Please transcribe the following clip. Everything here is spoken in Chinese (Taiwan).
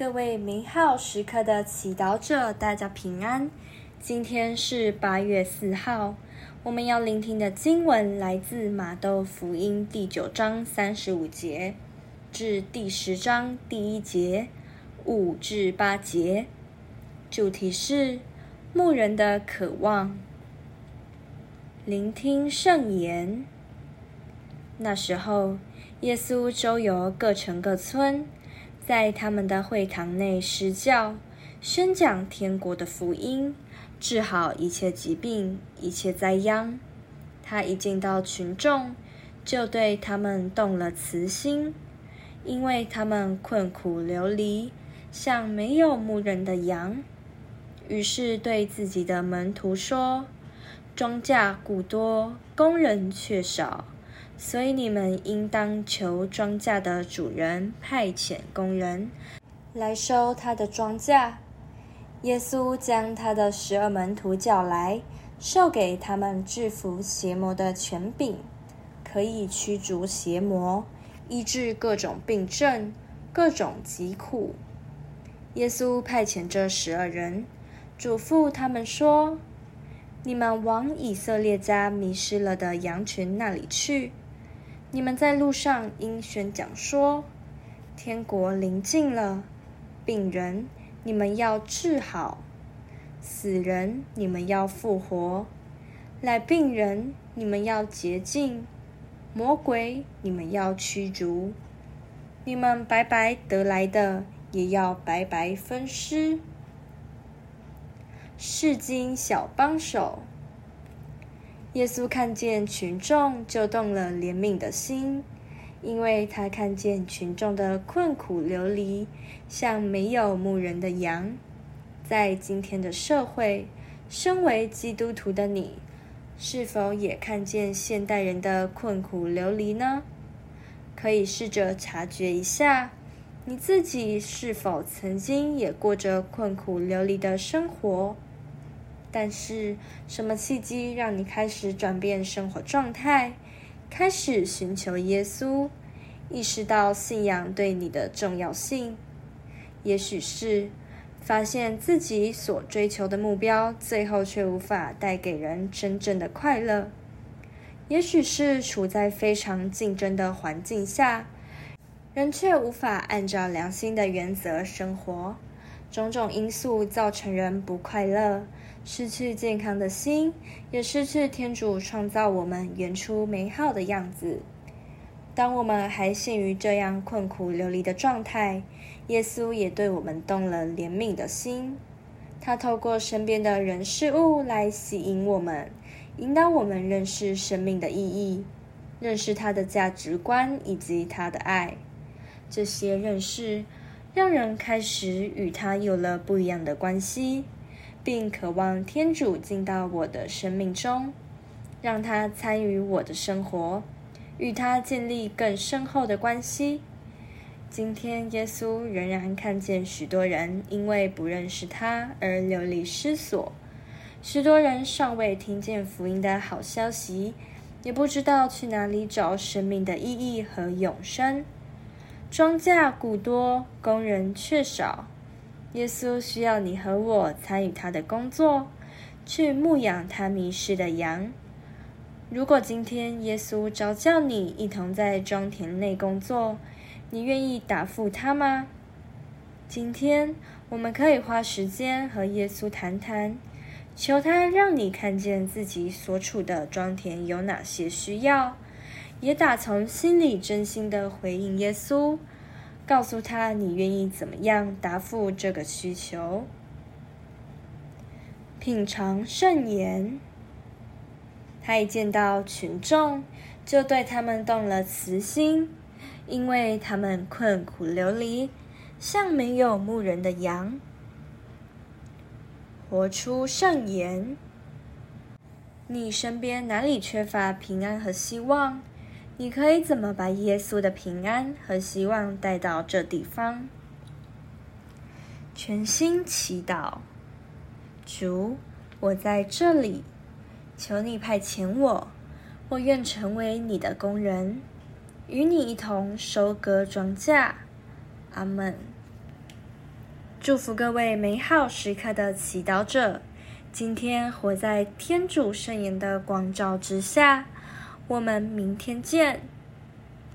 各位美好時刻的祈禱者，大家平安。今天是八月四號，我們要聆聽的經文來自瑪竇福音第九章三十五節至第十章第一節五至八節，主題是牧人的渴望，聆聽聖言。那時候，耶穌周遊各城各村。在他們的會堂內施教、宣講天國的福音，治好一切疾病、一切災殃。他一見到群眾，就對他們動了慈心，因為他們困苦流離，像沒有牧人的羊。於是對自己的門徒說：“莊稼固多，工人卻少。”所以你們應當求莊稼的主人派遣工人來收他的莊稼。耶穌將他的十二門徒叫來，授給他們制服邪魔的權柄，可以驅逐邪魔，醫治各種病症、各種疾苦。耶穌派遣這十二人，囑咐他們說：“你們往以色列家迷失了的羊群那裡去。”你們在路上應宣講說，天國臨近了，病人你們要治好，死人你們要復活，癩病人你們要潔淨，魔鬼你們要驅逐。你們白白得來的，也要白白分施。聖經小幫手。耶穌看見群眾，就動了憐憫的心，因為他看見群眾的困苦流離，像沒有牧人的羊。在今天的社會，身為基督徒的你，是否也看見現代人的困苦流離呢？可以試着察覺一下，你自己是否曾經也過着困苦流離的生活？但是，什麼契機讓你開始轉變生活狀態，開始尋求耶穌，意識到信仰對你的重要性？也許是發現自己所追求的目標，最後卻無法帶給人真正的快樂；也許是處在非常競爭的環境下，人卻無法按照良心的原則生活。種種因素造成人不快樂，失去健康的心，也失去天主創造我們原初美好的樣子。當我們還陷於這樣困苦流離的狀態，耶穌也對我們動了憐憫的心。他透過身邊的人事物來吸引我們，引導我們認識生命的意義，認識他的價值觀以及他的愛。這些認識讓人開始與他有了不一樣的關係，並渴望天主進到我的生命中，讓他參與我的生活，與他建立更深厚的關係。今天，耶穌仍然看見許多人因為不認識他而流離失所，許多人尚未聽見福音的好消息，也不知道去哪裡找生命的意義和永生。莊稼固多，工人卻少。耶穌需要你和我參與他的工作，去牧養他迷失的羊。如果今天耶穌召叫你一同在莊田內工作，你願意答覆他嗎？今天我們可以花時間和耶穌談談，求他讓你看見自己所處的莊田有哪些需要。也打從心裡真心的回應耶穌，告訴他你願意怎麼樣答覆這個需求。品嘗聖言，他一見到群眾，就對他們動了慈心，因為他們困苦流離，像沒有牧人的羊。活出聖言，你身邊哪裡缺乏平安和希望？你可以怎麼把耶穌的平安和希望帶到這地方？全心祈禱，主，我在這裡，求你派遣我，我願成為你的工人，與你一同收割莊稼。阿門。祝福各位美好時刻的祈禱者，今天活在天主聖言的光照之下。我們明天見。